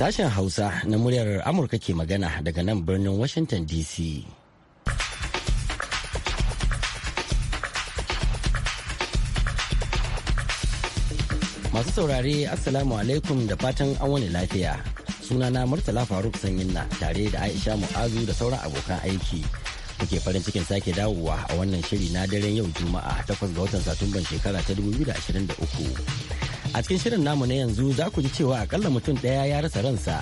Sashen Hausa na muryar Amurka ke magana daga nan birnin Washington DC. Masu saurare Assalamu alaikum da fatan an wani lafiya. Sunana Murtala Faruk Sanyinna tare da Aisha Mu'azu da sauran abokan aiki. Muke farin cikin sake dawowa a wannan shiri na daren yau Juma'a 8 ga watan Satumban shekara ta 2023. a cikin shirin namu na yanzu za ku ji cewa akalla mutum ɗaya ya rasa ransa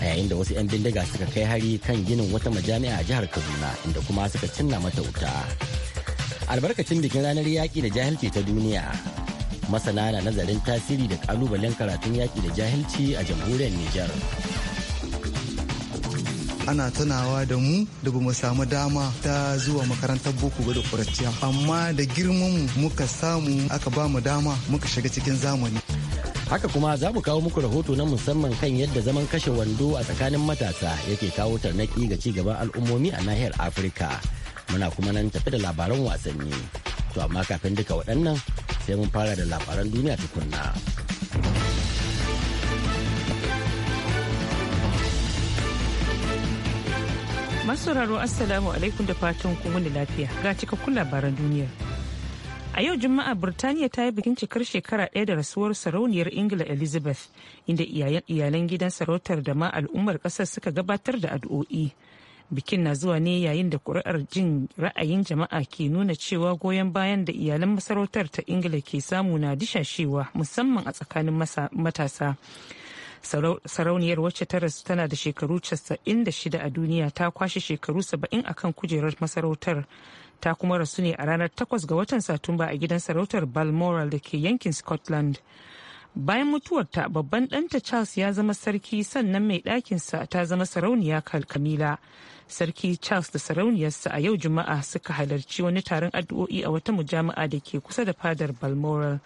a yayin da wasu 'yan bindiga suka kai hari kan ginin wata majami'a a jihar kaduna inda kuma suka cinna mata wuta albarkacin bikin ranar yaƙi da jahilci ta duniya masana na nazarin tasiri da ƙalubalen karatun yaƙi da jahilci a jamhuriyar nijar ana tunawa da mu da bamu samu dama ta zuwa makarantar boko ba da amma da girman mu muka samu aka ba mu dama muka shiga cikin zamani haka kuma za mu kawo muku rahoto na musamman kan yadda zaman kashe wando a tsakanin matasa yake kawo tarnaki ga cigaban al'ummomi a nahiyar afirka muna kuma nan tafi da labaran wasanni to amma kafin duka waɗannan sai mun fara da labaran duniya tukunna. Masauraro Assalamu alaikum da fatan kuma wani lafiya ga cikakkun labaran duniya. A yau Juma'a Birtaniya ta yi bikin cikar shekara ɗaya da rasuwar sarauniyar Ingila Elizabeth inda iyalan gidan sarautar da ma al'ummar ƙasar suka gabatar da addu'o'i. Bikin na zuwa ne yayin da ƙuri'ar jin ra'ayin jama'a ke nuna cewa goyon bayan da iyalan masarautar ta Ingila ke samu na dishashewa musamman a tsakanin matasa. sarauniyar wacce ta rasu tana da shekaru 96 a duniya ta kwashe shekaru 70 a kan kujerar masarautar ta kuma rasu ne a ranar 8 ga watan satumba a gidan sarautar balmoral da ke yankin scotland bayan mutuwarta babban ɗanta charles ya zama sarki sannan mai ɗakinsa ta zama sarauniya kamila sarki charles da sarauniyarsa a yau juma'a suka halarci wani taron addu'o'i a wata mujami'a da ke kusa da fadar balmoral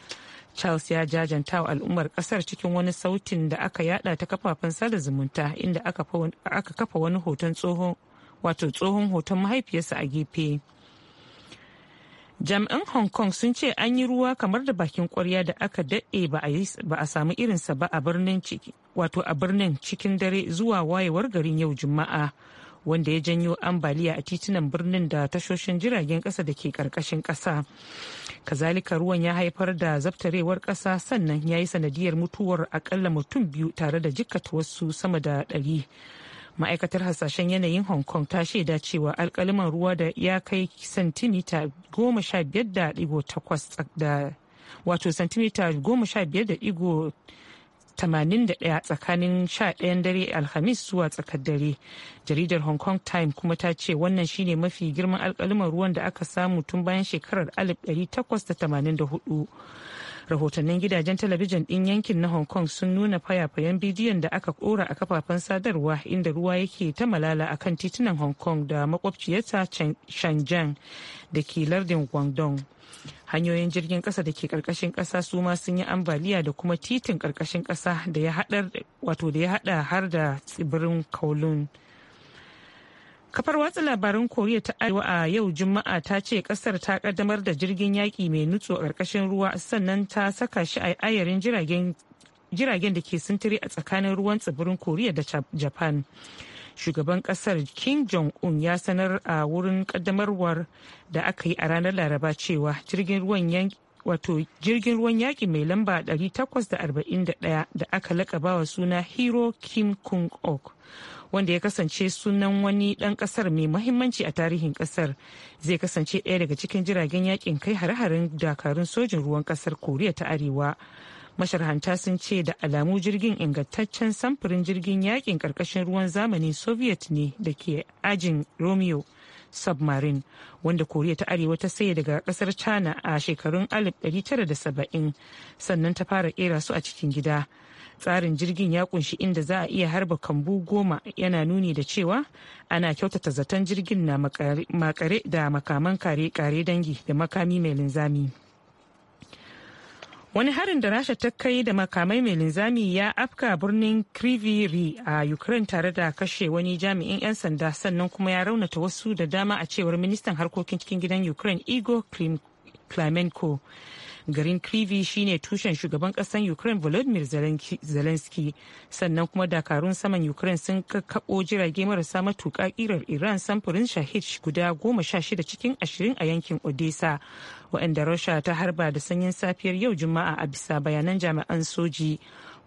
charles ya jajanta wa al'ummar kasar cikin wani sautin da aka yada ta kafafen sada zumunta inda aka kafa wani hoton tsohon wato tsohon hoton mahaifiyarsa a gefe jami'an hong kong sun ce an yi ruwa kamar da bakin kwarya da aka daɗe ba a samu irinsa ba a birnin cikin dare zuwa wayewar garin yau juma'a wanda ya janyo ambaliya a titunan birnin da tashoshin jiragen kasa da ke karkashin kasa kazalika ruwan ya haifar da zaftarewar kasa sannan ya yi sanadiyar mutuwar akalla mutum biyu tare da jikkata wasu sama da ɗari ma'aikatar hasashen yanayin hong kong ta shaida cewa alkaliman ruwa da ya kai santimita goma sha biyar da ɗigo takwas da wato santimita goma sha biyar da ɗigo 81 tsakanin 11 dare alhamis zuwa tsakar dare jaridar hong kong time kuma ta ce wannan shine mafi girman alkalaman ruwan da aka samu tun bayan shekarar 1884 rahotannin gidajen talabijin din yankin na hong kong sun nuna fayafayen bidiyon da aka kora a kafafen sadarwa inda ruwa yake ta malala a kan titunan hong kong da makwabciyarta shenzhen da ke lardin guangdong hanyoyin jirgin kasa da ke karkashin kasa su ma sun yi ambaliya da kuma titin karkashin kasa da ya hada wato da ya hada har da tsibirin kowloon kafar watsa labarin koriya ta arewa a yau juma'a ta ce kasar ta kaddamar da jirgin yaƙi mai nutso a ƙarƙashin ruwa sannan ta saka shi a ayarin jiragen jiragen da ke sintiri a tsakanin ruwan tsibirin koriya da japan shugaban kasar kim jong-un ya sanar a wurin kaddamarwar da aka yi a ranar laraba cewa jirgin ruwan wato jirgin ruwan yaki mai lamba 841 da aka lakabawa suna hero kim kung ok wanda ya kasance sunan wani dan kasar mai mahimmanci a tarihin kasar zai kasance ɗaya daga cikin jiragen yakin kai hare-haren dakarun sojin ruwan kasar koriya ta arewa masharhanta sun ce da alamu jirgin ingantaccen samfurin jirgin yakin karkashin ruwan zamani soviet ne da ke ajin romeo submarine wanda koriya ta arewa ta saye daga kasar china a shekarun 1970 sannan ta fara kera su a cikin gida tsarin jirgin ya kunshi inda za a iya harba kambu goma yana nuni da cewa ana kyautata zaton jirgin na makare da makaman kare-kare dangi da makami mai linzami. wani harin da rasha ta kai da makamai mai linzami ya afka birnin kriviri a ukraine tare da kashe wani jami'in 'yan sanda sannan kuma ya raunata wasu da dama a cewar ministan harkokin cikin gidan ukraine igor klamenko garin krivi shine tushen shugaban kasan ukraine volodymyr zelensky sannan kuma dakarun saman ukraine sun kakkaɓo jirage marasa matuƙa ƙirar iran samfurin shahid guda goma sha shida cikin ashirin a yankin odessa waɗanda rasha ta harba da sanyin safiyar yau juma'a a bisa bayanan jami'an soji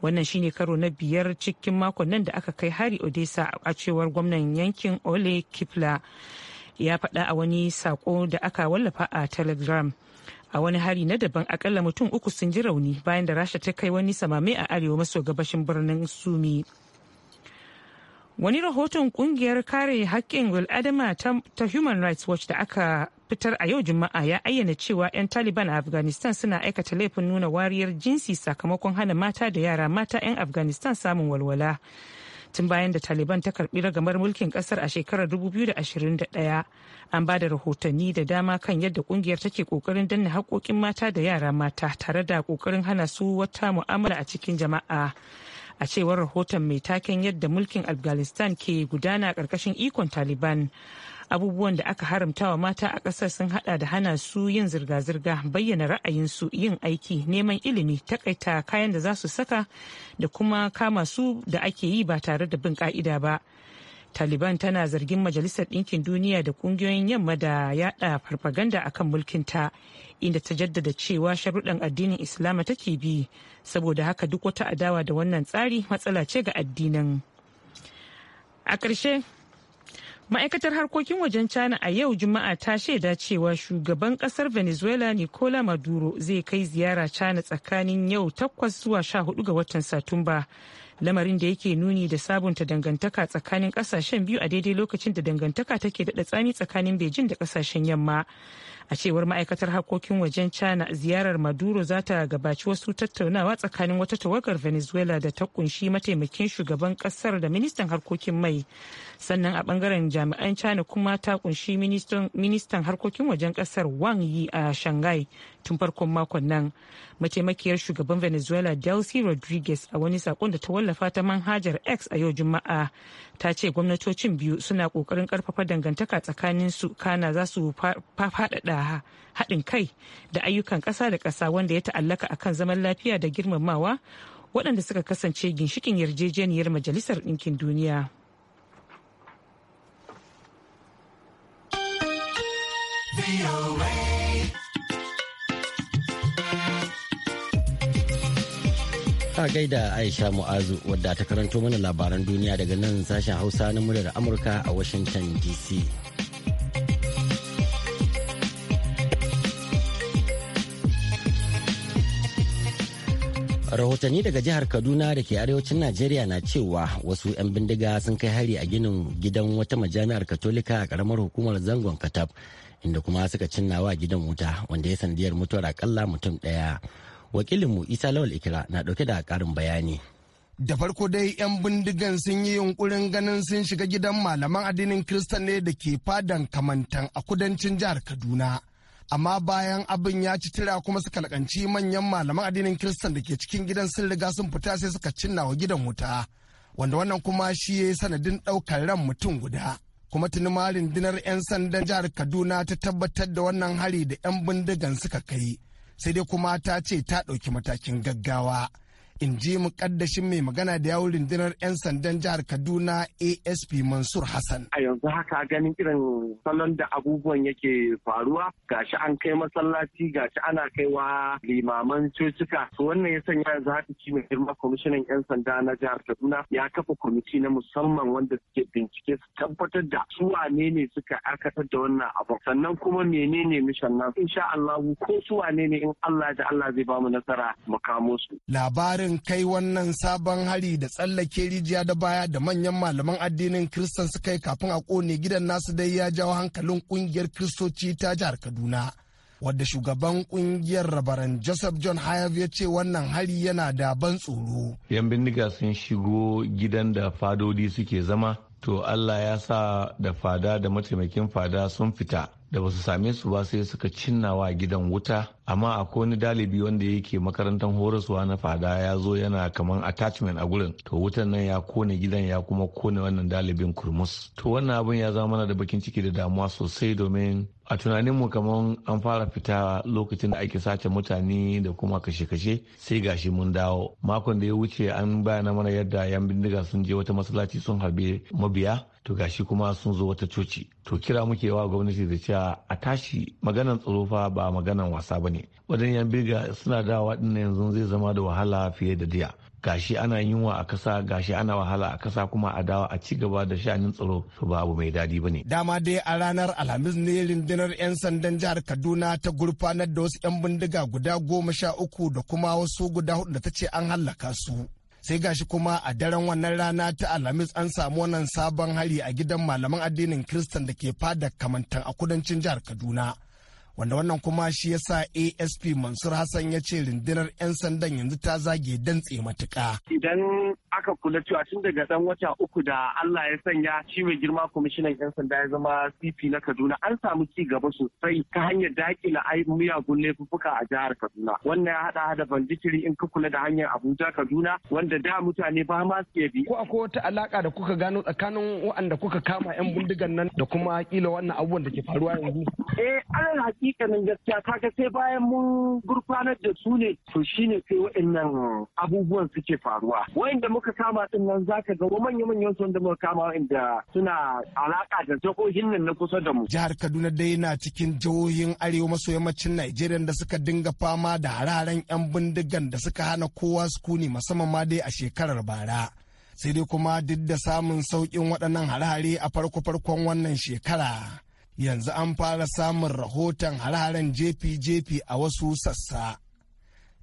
wannan shine karo na biyar cikin makon nan da aka kai hari odessa a cewar gwamnan yankin ole kipla ya faɗa a wani sako da aka wallafa a telegram a wani hari na daban akalla mutum uku sun ji rauni bayan da rasha ta kai wani samame a arewa maso gabashin birnin sumi wani rahoton kungiyar kare haƙƙin wil'adama ta human rights watch da aka fitar a yau juma'a ya ayyana cewa 'yan taliban a afghanistan suna aikata laifin nuna wariyar jinsi sakamakon hana mata da yara mata 'yan afghanistan samun walwala tun bayan da taliban ta karbi ragamar mulkin kasar a shekarar 2021 an ba da rahotanni da dama kan yadda kungiyar take kokarin danna haƙoƙin mata da yara mata tare da kokarin hana su wata mu'amala a cikin jama'a a cewar rahoton mai taken yadda mulkin afghanistan ke gudana ƙarƙashin ikon taliban abubuwan da aka haramtawa mata a ƙasar sun hada da hana su yin zirga-zirga bayyana ra'ayinsu yin aiki neman ilimi takaita kayan da za su saka da kuma kama su da ake yi ba tare da bin ka'ida ba taliban tana zargin majalisar ɗinkin duniya da ƙungiyoyin yamma da yada farfaganda akan mulkinta inda ta jaddada cewa sharuɗan addinin islama take bi saboda haka duk wata adawa da wannan tsari matsala ce ga addinin a ƙarshe ma'aikatar harkokin wajen china a yau juma'a ta shaida cewa shugaban kasar venezuela nicola maduro zai kai ziyara china tsakanin yau takwas zuwa sha hudu ga watan satumba lamarin da yake nuni da sabunta dangantaka tsakanin kasashen biyu a daidai lokacin da dangantaka take daɗa tsami tsakanin beijing da kasashen yamma a cewar ma'aikatar harkokin wajen china ziyarar maduro za ta gabaci wasu tattaunawa tsakanin wata tawagar venezuela da ta kunshi mataimakin shugaban kasar da ministan harkokin mai sannan a bangaren jami'an china kuma ta kunshi ministan harkokin wajen kasar wang yi a shanghai tun farkon makon nan mataimakiyar shugaban venezuela delcy rodriguez a wani sakon da ta wallafa ta manhajar x a yau juma'a ta ce gwamnatocin biyu suna kokarin karfafa dangantaka tsakanin su kana za su faɗaɗa haɗin kai da ayyukan ƙasa da ƙasa wanda ya ta'allaka akan zaman lafiya da girmamawa waɗanda suka kasance ginshikin yarjejeniyar majalisar ɗinkin duniya. VOA. A gaida Aisha Mu'azu wadda ta karanto mana labaran duniya daga nan sashen Hausa na muryar Amurka a Washington DC. rahotanni daga jihar kaduna da ke arewacin najeriya na cewa wasu 'yan bindiga sun kai hari a ginin gidan wata majami'ar katolika a karamar hukumar zangon katab inda kuma suka cinnawa wa gidan wuta wanda ya sanadiyar mutuwar akalla mutum daya wakilinmu isa lawal ikira na dauke da karin bayani da farko dai 'yan bindigan sun yi yunkurin ganin sun shiga gidan malaman addinin kirista ne da ke fadan kamantan a kudancin jihar kaduna amma bayan abin ya ci tira kuma suka lakanci manyan malaman addinin kiristan da ke cikin gidan sun riga sun fita sai suka cinna wa gidan wuta wanda wannan kuma shi ya yi sanadin ɗaukar ran mutum guda kuma tuni ma rundunar 'yan sandan jihar kaduna ta tabbatar da wannan hari da 'yan bindigan suka kai sai dai kuma ta ce ta ɗauki matakin gaggawa in ji mukaddashin mai magana da yawun rundunar 'yan sandan jihar kaduna asp mansur hassan a yanzu haka ganin irin salon da abubuwan yake faruwa gashi an kai masallaci gashi ana kaiwa limaman cocika to wannan ya sanya yanzu haka shi mai girma kwamishinan 'yan sanda na jihar kaduna ya kafa kwamiti na musamman wanda suke bincike su tabbatar da su wane ne suka akatar da wannan abu sannan kuma menene mishan nan insha Allah ko su wane ne in Allah da Allah zai bamu nasara mu kamo su labarin shirin kai wannan sabon hari da tsallake rijiya da baya da manyan malaman addinin kristan suka yi kafin a kone gidan nasu dai ya jawo hankalin kungiyar kiristoci ta jihar kaduna wadda shugaban kungiyar rabaran joseph john hayab ya ce wannan hari yana da ban tsoro yan bindiga sun shigo gidan da fadodi suke zama to allah ya sa da fada da mataimakin fada sun fita da ba su same su ba sai suka cinnawa gidan wuta amma akwai wani dalibi wanda yake makarantar horaswa na fada ya zo yana kamar attachment a gurin to wutan nan ya kone gidan ya kuma kone wannan dalibin kurmus to wannan abin ya zama mana da bakin ciki da damuwa sosai domin a tunaninmu kamar an fara fita lokacin da ake sace mutane da kuma kashe-kashe sai gashi mun dawo makon da ya wuce an bayyana mana yadda yan bindiga sun je wata masallaci sun harbe mabiya to gashi kuma sun zo wata coci to kira muke wa gwamnati da cewa a tashi maganan tsaro fa ba maganan wasa ba ne wajen yan birga suna dawa din yanzu zai zama da wahala fiye da diya gashi ana yunwa a kasa gashi ana wahala a kasa kuma a dawa a ci gaba da shanin tsaro to ba mai dadi ba ne dama dai a ranar alhamis ne rundunar yan sandan jihar kaduna ta gurfanar da wasu yan bindiga guda goma sha uku da kuma wasu guda hudu da ta ce an hallaka su sai gashi kuma a daren wannan rana ta alhamis an samu wannan sabon hari a gidan malaman addinin kristan da ke fada kamantan a kudancin jihar kaduna wanda wannan kuma shi ya sa asp mansur hassan ya ce rundunar 'yan sandan yanzu ta zage dan dantse matuka idan aka kula cewa tun daga dan wata uku da allah ya sanya shi mai girma kwamishinan 'yan sanda ya zama cp na kaduna an samu ci gaba sosai ta hanyar dakila miyagun laifuffuka a jihar kaduna wannan ya hada da banditiri in ka kula da hanyar abuja kaduna wanda da mutane ba ma su bi ko akwai wata alaka da kuka gano tsakanin waɗanda kuka kama 'yan bindigan nan da kuma kila wannan abubuwan da ke faruwa yanzu eh alal hakikanin gaskiya kaga sai bayan mun gurfanar da su ne to shine sai waɗannan abubuwan suke faruwa wanda muka kama din nan zaka ga manya-manyan su wanda muka kama inda suna alaka da jihohin nan na kusa da mu jihar Kaduna dai na cikin jihohin arewa maso yammacin Najeriya da suka dinga fama da hararen 'yan bindigan da suka hana kowa sukuni musamman ma dai a shekarar bara. Sai dai kuma duk da samun saukin waɗannan hare-hare a farko-farkon wannan shekara. yanzu an fara samun rahoton hare-haren jefi-jefi a wasu sassa.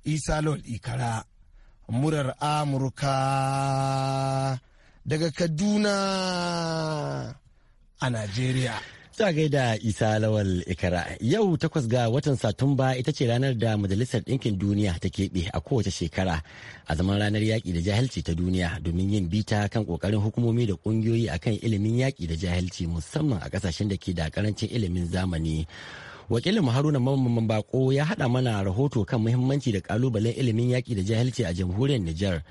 Isa Lol Ikara, murar Amurka daga Kaduna a Najeriya. Ta gaida Isa Lawal Ikara. Yau takwas ga watan Satumba ita ce ranar da Majalisar Ɗinkin Duniya ta keɓe a kowace shekara a zaman ranar yaƙi da jahilci ta duniya domin yin bita kan ƙoƙarin hukumomi da ƙungiyoyi akan ilimin yaƙi da jahilci musamman a ƙasashen da ke da ƙarancin ilimin zamani. Wakilin Haruna Mamman Bako ya haɗa mana rahoto kan muhimmanci da ƙalubalen ilimin yaƙi da jahilci a jamhuriyar Nijar,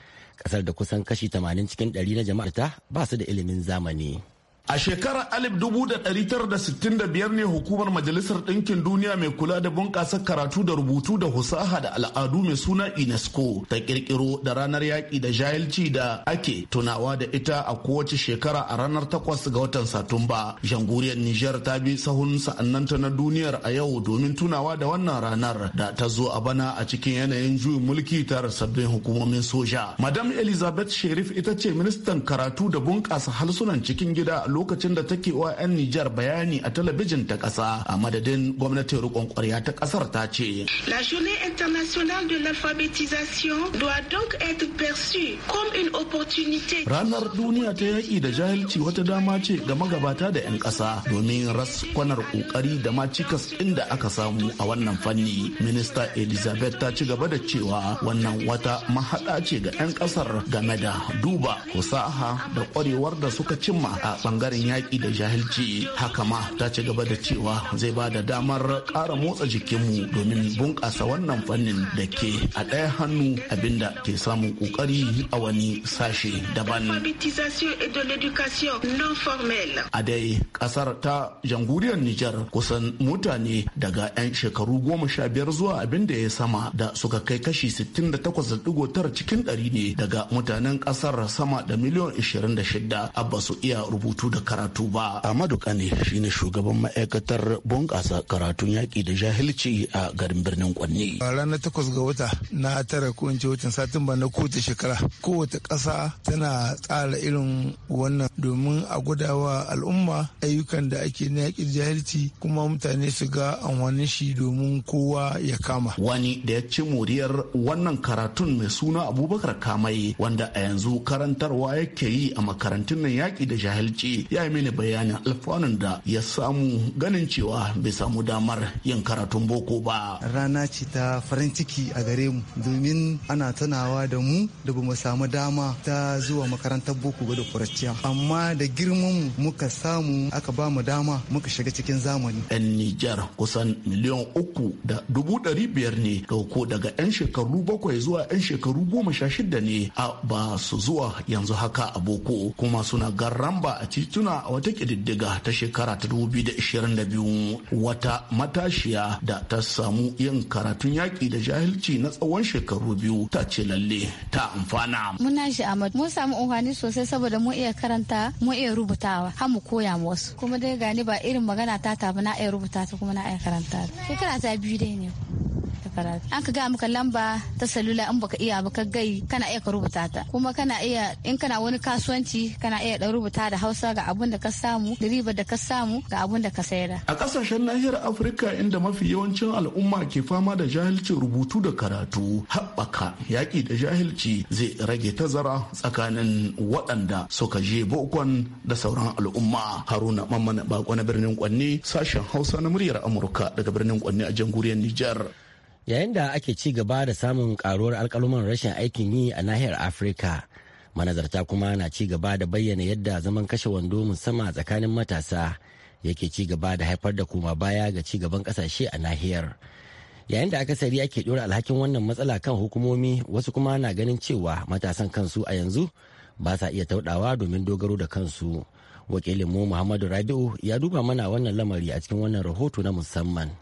ƙasar da kusan kashi tamanin cikin ɗari na jama'arta ba su da ilimin zamani. A shekarar 1965 ne hukumar Majalisar Ɗinkin Duniya mai kula da bunƙasa karatu da rubutu da husaha da al'adu mai suna UNESCO ta ƙirƙiro da ranar yaƙi da jahilci da ake tunawa da ita a kowace shekara a ranar takwas ga watan Satumba. Janguriyar Nijar ta bi sahun sa'annanta na duniyar a yau domin tunawa da wannan ranar da ta zo a bana a cikin yanayin juyin mulki tare sabbin hukumomin soja. Madam Elizabeth Sherif ita ce ministan karatu da bunƙasa harsunan cikin gida lokacin da take wa 'yan Nijar bayani a talabijin ta ƙasa a madadin gwamnatin rikon kwarya ta ƙasar ta ce. La journée internationale de l'alphabétisation doit donc être perçue comme une opportunité. Ranar duniya ta yaƙi da jahilci wata dama ce ga magabata da 'yan ƙasa domin raskwanar ƙoƙari da ma cikas inda aka samu a wannan fanni. Minista Elizabeth ta ci gaba da cewa wannan wata mahaɗa ce ga 'yan ƙasar game da duba fasaha da ƙwarewar da suka cimma a ɓangaren bangaren yaƙi da jahilci haka ma ta ci gaba da cewa zai ba da damar ƙara motsa jikinmu domin bunƙasa wannan fannin da ke a ɗaya hannu abinda ke samun ƙoƙari a wani sashe daban. A dai ƙasar ta jamhuriyar Nijar kusan mutane daga 'yan shekaru goma sha biyar zuwa abin da ya sama da suka kai kashi da 68.9 cikin ɗari ne daga mutanen ƙasar sama da miliyan 26 abba su iya rubutu da karatu ba. Amadu Kane shine shugaban ma'aikatar bunƙasa karatun yaƙi da jahilci a garin birnin Kwanni. Ranar takwas ga wata na tara ko in ce watan Satumba na kowace shekara kowace ƙasa tana tsara irin wannan domin a gudawa al'umma ayyukan da ake na yaƙi jahilci kuma mutane su ga amfanin shi domin kowa ya kama. Wani da ya ci moriyar wannan karatun mai suna Abubakar Kamai wanda a yanzu karantarwa yake yi a makarantun nan yaƙi da jahilci ya yi mini bayanin alfanun da ya samu ganin cewa bai samu damar yin karatun boko ba. Rana ce ta farin ciki a gare mu domin ana tunawa da mu da bamu samu dama ta zuwa makarantar boko ga da Amma da girman muka samu aka ba mu dama muka shiga cikin zamani. 'Yan Nijar kusan miliyan uku da dubu ɗari biyar ne dauko daga 'yan shekaru bakwai zuwa 'yan shekaru goma sha shida ne a ba su zuwa yanzu haka a boko kuma suna garamba a cikin tuna a wata ƙididdiga ta shekara ta 2022 wata matashiya da ta samu yin karatun yaƙi da jahilci na tsawon shekaru biyu ta ce lalle ta amfana. Muna shi Ahmad mun samu amfani sosai saboda mu iya karanta mu iya rubutawa har mu koya mu wasu kuma dai gani ba irin magana ta tabi na iya rubuta ta kuma na iya karanta. Shekara ta biyu dai ne. karatu an ka ga maka lamba ta salula in baka iya ba gai kana iya ka rubuta ta kuma kana iya in kana wani kasuwanci kana iya ɗan rubuta da Hausa ga abun da ka samu da ribar da ka samu ga abun da ka sayar a ƙasashen nahiyar Afirka inda mafi yawancin al'umma ke fama da jahilcin rubutu da karatu haɓaka yaƙi da jahilci zai rage tazara tsakanin waɗanda suka je bokon da sauran al'umma haruna mamman bako na birnin kwanne sashen hausa na muryar amurka daga birnin kwanne a jamhuriyar nijar yayin da ake ci gaba da samun karuwar alkaluman rashin aikin yi a nahiyar afirka manazarta kuma na ci gaba da bayyana yadda zaman kashe wando musamman tsakanin matasa yake ci gaba da haifar da koma baya ga ci gaban kasashe a nahiyar yayin da akasari ake dora alhakin wannan matsala kan hukumomi wasu kuma na ganin cewa matasan kansu a yanzu ba sa iya tauɗawa domin dogaro da kansu wakilinmu mu muhammadu rabi'u ya duba mana wannan lamari a cikin wannan rahoto na musamman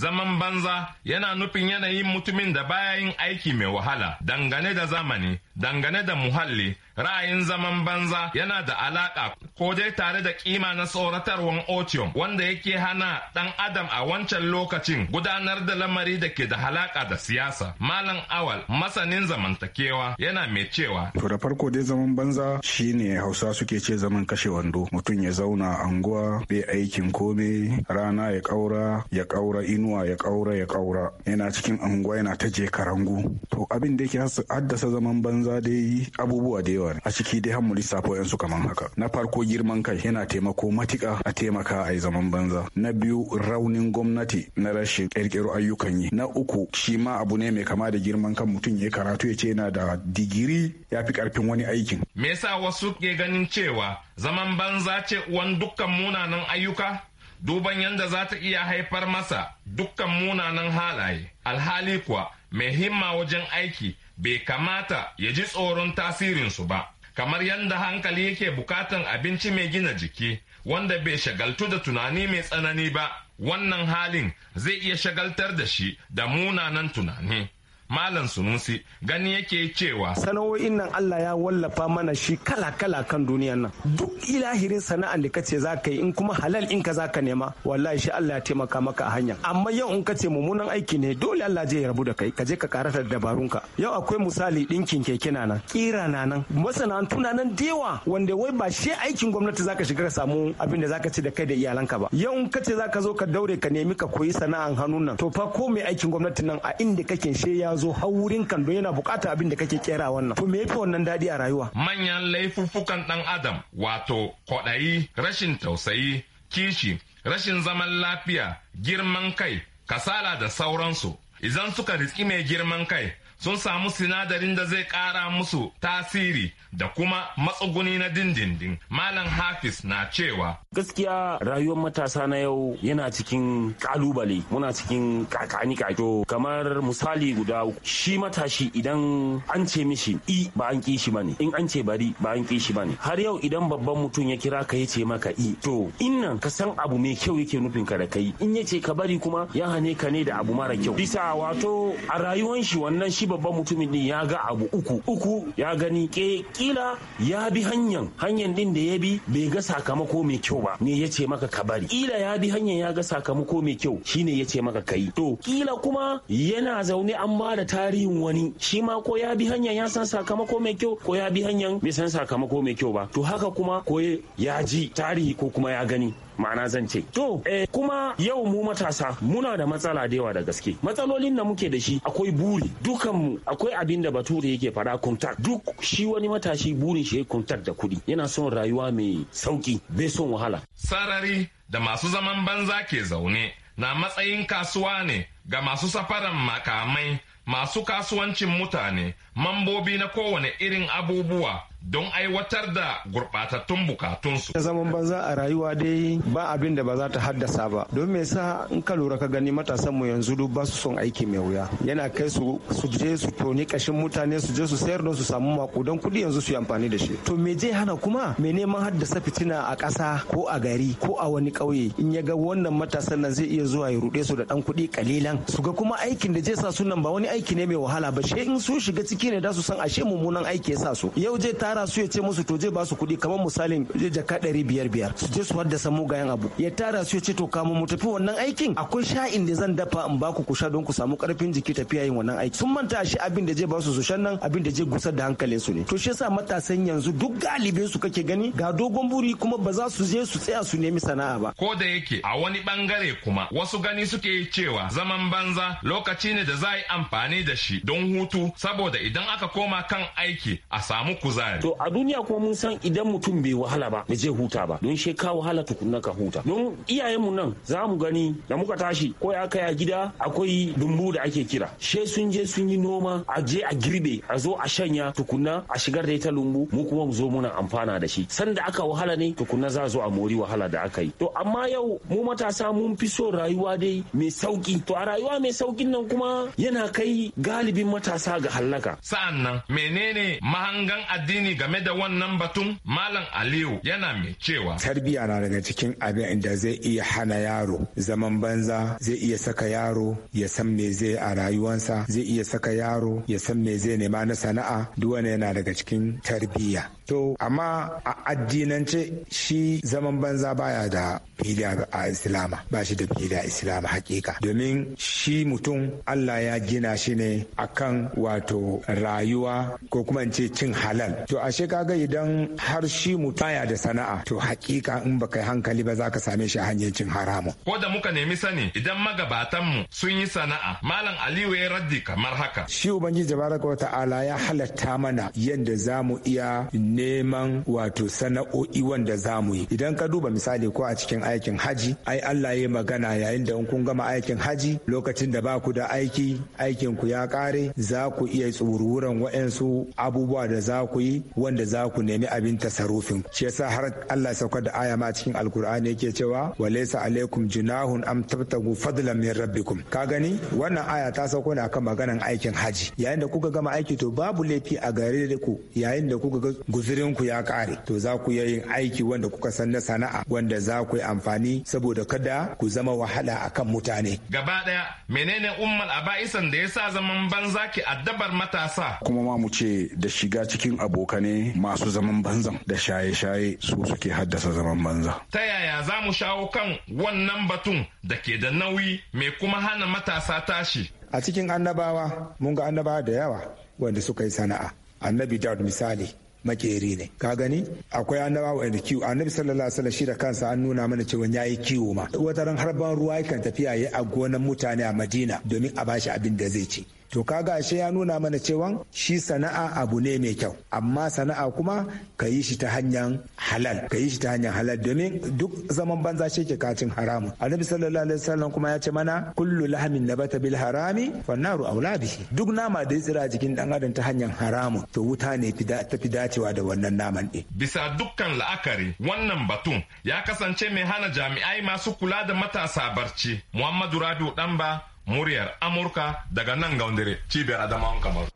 Zaman banza yana nufin yanayin mutumin da baya yin aiki mai wahala dangane da zamani dangane da muhalli ra'ayin zaman banza yana da alaƙa ko dai tare da kima na tsoratarwan otium wanda yake hana dan adam a wancan lokacin gudanar da lamari da ke da halaka da siyasa malam awal masanin zamantakewa yana mai cewa to da farko dai zaman banza shine hausa suke ce zaman kashe wando mutum ya zauna anguwa bai aikin kome rana ya kaura ya kaura inuwa ya kaura ya kaura yana cikin anguwa yana ta je karangu to abin da yake haddasa zaman banza da yi abubuwa da yawa a ciki dai hammu lissafa yansu kamar haka na farko girman kai yana taimako matuka a taimaka a yi zaman banza na biyu raunin gwamnati na rashin kirkiro ayyukan yi na uku shi ma abu ne mai kama da girman kan mutum ya karatu ya ce yana da digiri ya fi karfin wani aikin me yasa wasu ke ganin cewa zaman banza ce uwan dukkan munanan ayyuka duban yadda za ta iya haifar masa dukkan munanan halaye alhali kuwa mai himma wajen aiki bai kamata ya ji tsoron tasirinsu ba kamar yadda hankali yake bukatan abinci mai gina jiki wanda bai shagaltu da tunani mai tsanani ba wannan halin zai iya shagaltar da shi da munanan tunani Malam Sunusi gani yake cewa sana'o'in nan Allah ya wallafa mana shi kala-kala kan duniyan nan. Duk ilahirin sana'ar da kace za ka yi in kuma halal in ka za ka nema wallahi shi Allah ya taimaka maka a hanya. Amma yau in kace mummunan aiki ne dole Allah zai rabu da kai ka je ka karata da ka. Yau akwai misali ɗinkin keke na nan, kira na nan, masana'antu na nan dewa wanda wai ba shi aikin gwamnati za ka shiga ka samu abin da za ka ci da kai da iyalanka ba. Yau in kace za ka zo ka daure ka nemi ka koyi sana'an hannun nan to fa ko mai aikin gwamnati nan a inda kake she ya zo har wurin kando yana buƙatar abin da kake kera wannan to me yafi wannan dadi a rayuwa manyan laifuffukan dan adam wato kwaɗayi rashin tausayi kishi rashin zaman lafiya girman kai kasala da sauransu idan suka ritsi mai girman kai sun samu sinadarin da zai ƙara musu tasiri da kuma matsuguni na dindindin. Malam Hafiz na cewa. Gaskiya rayuwar matasa na yau yana cikin ƙalubale, muna cikin kakani kato kamar misali guda shi matashi idan an ce mishi i ba an ki shi bane in an ce bari ba an ki shi bane har yau idan babban mutum ya kira ka ce maka i to innan ka san abu mai kyau yake nufin ka da kai in ya ce ka bari kuma ya hane ka ne da abu mara kyau bisa wato a rayuwan shi wannan shi babban mutumin din ya ga abu uku uku ya gani ke kila ya bi hanyan hanyan din da ya bi bai ga sakamako mai kyau ba me yace maka ka bari kila ya bi hanyan ya ga sakamako mai kyau shine yace maka kai to kila kuma yana zaune an ba da tarihin wani shi ma ko ya bi hanyan ya san sakamako mai kyau ko ya bi hanyan bai san sakamako mai kyau ba to haka kuma ko ya ji tarihi ko kuma ya gani ma'ana zan ce to eh, kuma yau mu matasa muna da matsala da yawa da gaske matsalolin da muke da shi akwai buri dukanmu akwai abin da bature yake fara kuntar duk shi wani matashi burin shi ya kuntar da kuɗi yana son rayuwa mai sauki bai son wahala sarari da masu zaman banza ke zaune na matsayin kasuwa ne ga masu safaran makamai masu kasuwancin mutane mambobi na kowane irin abubuwa don aiwatar da gurɓatattun bukatunsu. Ya zaman banza a rayuwa dai ba abin da ba za ta haddasa ba. Don me sa in ka lura ka gani matasan mu yanzu duk ba su son aiki mai wuya. Yana kai su su je su toni kashin mutane su je su sayar don su samu makudan kuɗi yanzu su yi amfani da shi. To me zai hana kuma me neman haddasa fitina a ƙasa ko a gari ko a wani ƙauye in ya ga wannan matasan nan zai iya zuwa ya ruɗe su da ɗan kuɗi ƙalilan. Su ga kuma aikin da zai sa su nan ba wani aiki ne mai wahala ba. Shi in su shiga ciki ne da su san ashe mummunan aiki ya sa su. Yau zai ta tara su ya ce musu to je ba su kuɗi kamar misalin zai jaka ɗari biyar biyar su je su haddasa mugayen abu ya tara su ya ce to kamun mu tafi wannan aikin akwai sha'in da zan dafa in baku ku sha don ku samu ƙarfin jiki tafiya yin wannan aiki sun manta shi abin da je ba su su shan nan abin da je gusar da hankalin su ne to shi yasa matasan yanzu duk galibin su kake gani ga dogon buri kuma ba za su je su tsaya su nemi sana'a ba ko da yake a wani bangare kuma wasu gani suke cewa zaman banza lokaci ne da za a yi amfani da shi don hutu saboda idan aka koma kan aiki a samu kuzari to a duniya kuma mun san idan mutum bai wahala ba ba zai huta ba don shi ka wahala tukunna ka huta don iyayen iyayenmu nan za mu gani da muka tashi ko ya kai a gida akwai dumbu da ake kira she sun je sun yi noma a je a girbe a zo a shanya tukunna a shigar da ita lumbu mu kuma mu zo muna amfana da shi sanda aka wahala ne tukunna za zo a mori wahala da aka yi to amma yau mu matasa mun fi so rayuwa dai mai sauki to a rayuwa mai saukin nan kuma yana kai galibin matasa ga hallaka sa'an nan menene mahangan addini bayani game da wannan batun Malam Aliyu yana mai cewa. Tarbiya na daga cikin abin da zai iya hana yaro zaman banza zai iya saka yaro ya san me zai a rayuwansa zai iya saka yaro ya san me zai nema na sana'a duk duwane yana daga cikin tarbiya. To amma a addinance shi zaman banza baya da fida a Islama ba shi da fida Islama hakika domin shi mutum Allah ya gina shi ne akan wato rayuwa ko kuma ce cin halal. To to ashe kaga idan har shi taya da sana'a to hakika in ba baka hankali ba za ka same shi a hanyar cin haramun ko da muka nemi sani idan magabatanmu sun yi sana'a malam aliyu ya raddi kamar haka shi ubangiji tabaraka ta'ala ya halatta mana yadda za mu iya neman wato sana'o'i wanda za mu yi idan ka duba misali ko a cikin aikin haji ai Allah ya magana yayin da kun gama aikin haji lokacin da ba ku da aiki aikin ku ya kare za ku iya tsururan waɗansu abubuwa da za ku yi wanda za ku nemi abin tasarrufin shi yasa har Allah saukar da aya ma cikin alkur'ani yake cewa walaysa alaikum junahun am tabtagu fadlan min rabbikum ka gani wannan aya ta sauko ne akan maganan aikin haji yayin da kuka gama aiki to babu laifi a gare ku yayin da kuka ga guzurin ku ya kare to za ku yi aiki wanda kuka san na sana'a wanda za ku yi amfani saboda kada ku zama wahala akan mutane gaba daya menene ummal aba'isan da yasa zaman banza ki addabar matasa kuma ma mu ce da shiga cikin abokan ne masu zaman banza da shaye-shaye su suke haddasa zaman banza. Ta yaya za mu shawo kan wannan batun da ke da nauyi mai kuma hana matasa tashi? A cikin annabawa mun ga annabawa da yawa wanda suka yi sana'a. Annabi Daud misali makeri ne ka gani akwai annabawa wanda kiwo annabi sallallahu alaihi shi da kansa an nuna mana cewa yi kiwo ma wata ran har ruwa yakan tafiya yayi a gonan mutane a Madina domin a bashi abin da zai ci to kaga ashe ya nuna mana cewa shi sana'a abu ne mai kyau amma sana'a kuma ka yi shi ta hanyar halal ka yi shi ta hanyar halal domin duk zaman banza shi ke kacin haramun annabi sallallahu alaihi wasallam kuma ya ce mana kullu lahamin nabata bil harami fannaru aula bihi duk nama da ya tsira jikin dan adam ta hanyar haramu to wuta ne ta fi dacewa da wannan naman din bisa dukkan la'akari wannan batun ya kasance mai hana jami'ai masu kula da matasa barci muhammadu rabiu danba muryar Amurka daga nan gaundare cibiyar Adamawan kamar.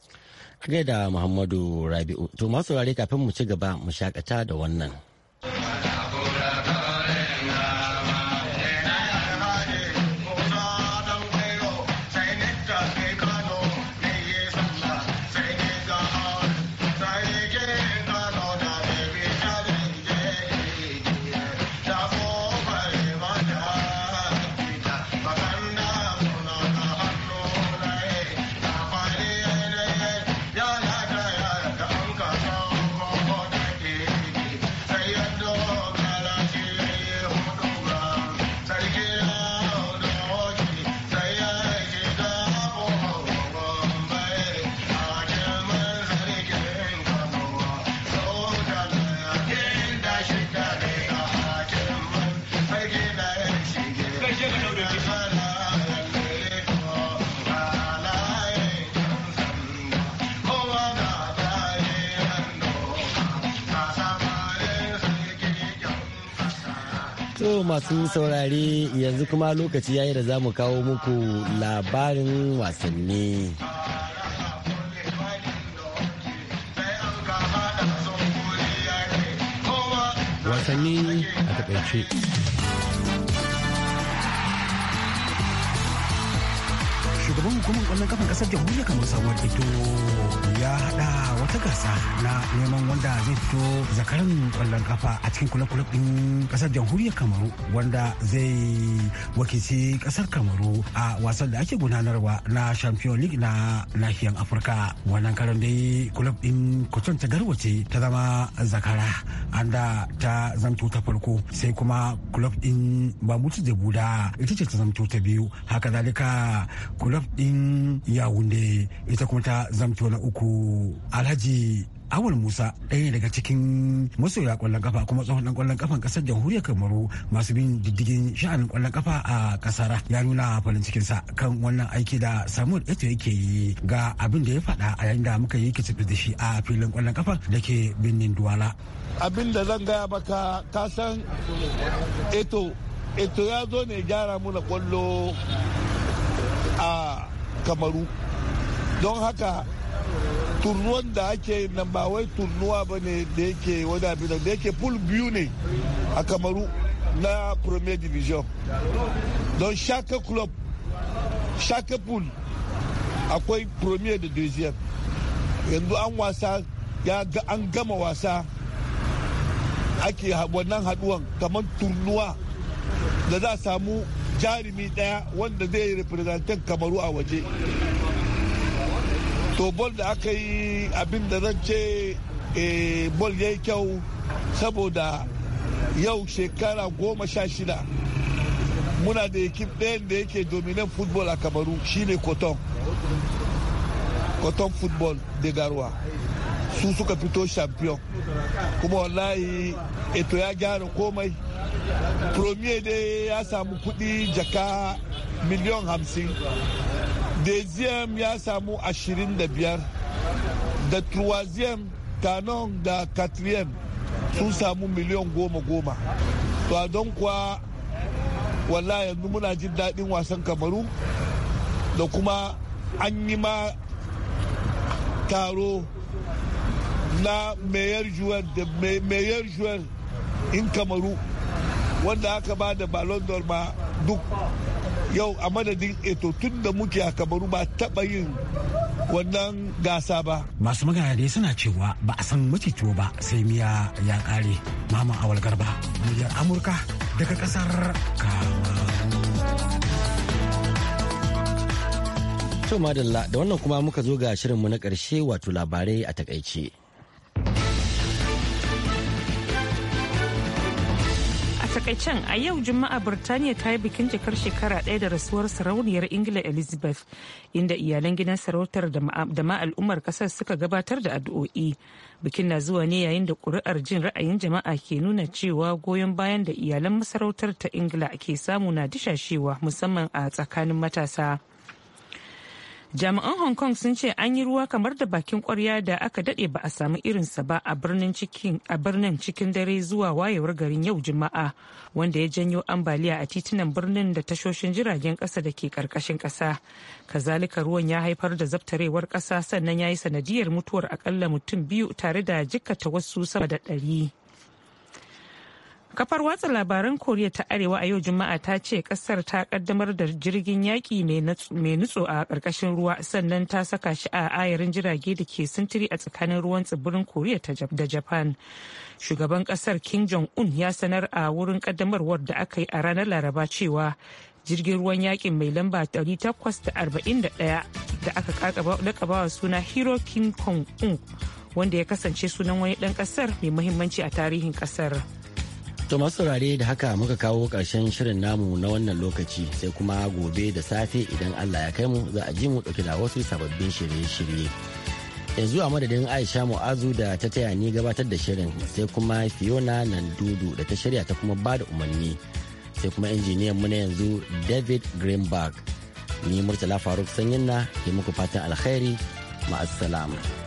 A gaida Muhammadu Rabi'u, to masu saurari kafin mu ci gaba mu shakata da wannan. masu saurari yanzu kuma lokaci yayi da za mu kawo muku labarin wasanni. Wasanni a takaice. hukumar kwallon kafin kasar jamhuriyar kamar sabuwar ito ya hada wata gasa na neman wanda zai fito zakaran kwallon kafa a cikin kula-kula din kasar jamhuriyar kamaru wanda zai wakilci kasar kamaru a wasan da ake gudanarwa na champion league na nahiyar afirka wannan karan dai kulab din kuton ta garwace ta zama zakara anda ta zamto ta farko sai kuma kulab din bamutu da buda ita ce ta zamto ta biyu haka zalika kulab din ya yawunde ita kuma ta zamto na uku alhaji awal musa ɗaya daga cikin masoya kwallon kafa kuma tsohon dan kwallon kafan kasar jamhuriyar kamaru masu bin diddigin sha'anin kwallon kafa a kasara ya nuna farin cikin sa kan wannan aiki da samuel eto yake yi ga abin da ya faɗa a yayin da muka yi kicibi da shi a filin kwallon kafa da ke birnin duwala abin da zan gaya maka san eto eto ya zo ne gyara na kwallo a kamaru don haka turnuwan da ake nan ba wai turnuwa ba ne da yake wani da yake pool biyu ne a kamaru na premier division don shaka club shaka pool akwai premier da deuxième yanzu an wasa an gama wasa ake wannan haduwan kamar turnuwa da za a samu jarumi daya wanda zai representan kamaru a waje to bol da aka yi abin da zan ce eh, bol ya yi kyau saboda yau shekara goma sha shida muna da ekip ɗayan da yake dominan football a kamaru shine cotton cotton football de garwa su suka fito champion kuma wallahi eto ya gyara komai premier dai ya samu kudi jaka miliyan hamsin deziyem ya samu ashirin da biyar da troisième canon da quatrième sun samu miliyan goma goma to a don kuwa walla yanzu muna jin daɗin wasan kamaru da kuma an yi ma taro na mayor juwel in kamaru wanda aka ba da ballon d'or ba duk yau a madadin eto tun da muke a kamaru ba taba yin wannan gasa ba. Masu magana dai suna cewa ba a san maciciwo ba sai miya ya kare mama awal garba muryar Amurka daga kasar Kamaru. To da wannan kuma muka zo ga shirinmu na ƙarshe wato labarai a takaice. takaicen a yau juma'a birtaniya ta yi bikin jakar shekara ɗaya da rasuwar sarauniyar ingila elizabeth inda iyalan gidan sarautar da ma al'ummar kasar suka gabatar da addu'o'i bikin na zuwa ne yayin da ƙuri'ar jin ra'ayin jama'a ke nuna cewa goyon bayan da iyalan masarautar ta ingila ke samu na dishashewa musamman a tsakanin matasa jami'an hong kong sun ce an yi ruwa kamar da bakin kwarya da aka dade ba a samu irinsa ba a birnin cikin dare zuwa wayewar garin yau juma'a wanda ya janyo ambaliya a titunan birnin da tashoshin jiragen kasa da ke karkashin kasa kazalika ruwan ya haifar da zabtarewar kasa sannan ya yi sanadiyar mutuwar akalla mutum biyu tare da jikkata wasu sama da dari. Kafar watsa labaran Koriya ta Arewa a yau Juma'a ta ce kasar ta kaddamar da jirgin yaƙi mai nutso a ƙarƙashin ruwa sannan ta saka shi a ayarin jirage da ke sintiri a tsakanin ruwan tsibirin Koriya da Japan. Shugaban kasar Kim Jong-un ya sanar a wurin kaddamarwar da aka yi a ranar Laraba cewa jirgin ruwan yaƙin mai lamba 841 da aka wa suna Hero king Kong-un wanda ya kasance sunan wani ɗan ƙasar mai muhimmanci a tarihin ƙasar. To masu saurare da haka muka kawo ƙarshen shirin namu na wannan lokaci sai kuma gobe da safe idan Allah ya kai mu za a ji mu ɗauki da wasu sababbin shirye-shirye. Yanzu a madadin Aisha Mu'azu da ta taya ni gabatar da shirin sai kuma Fiona Nandudu da ta shirya ta kuma bada umarni sai kuma injiniyan mu na yanzu David Greenberg. Ni Murtala Faruk Sanyin na ke muku fatan alkhairi ma'assalam.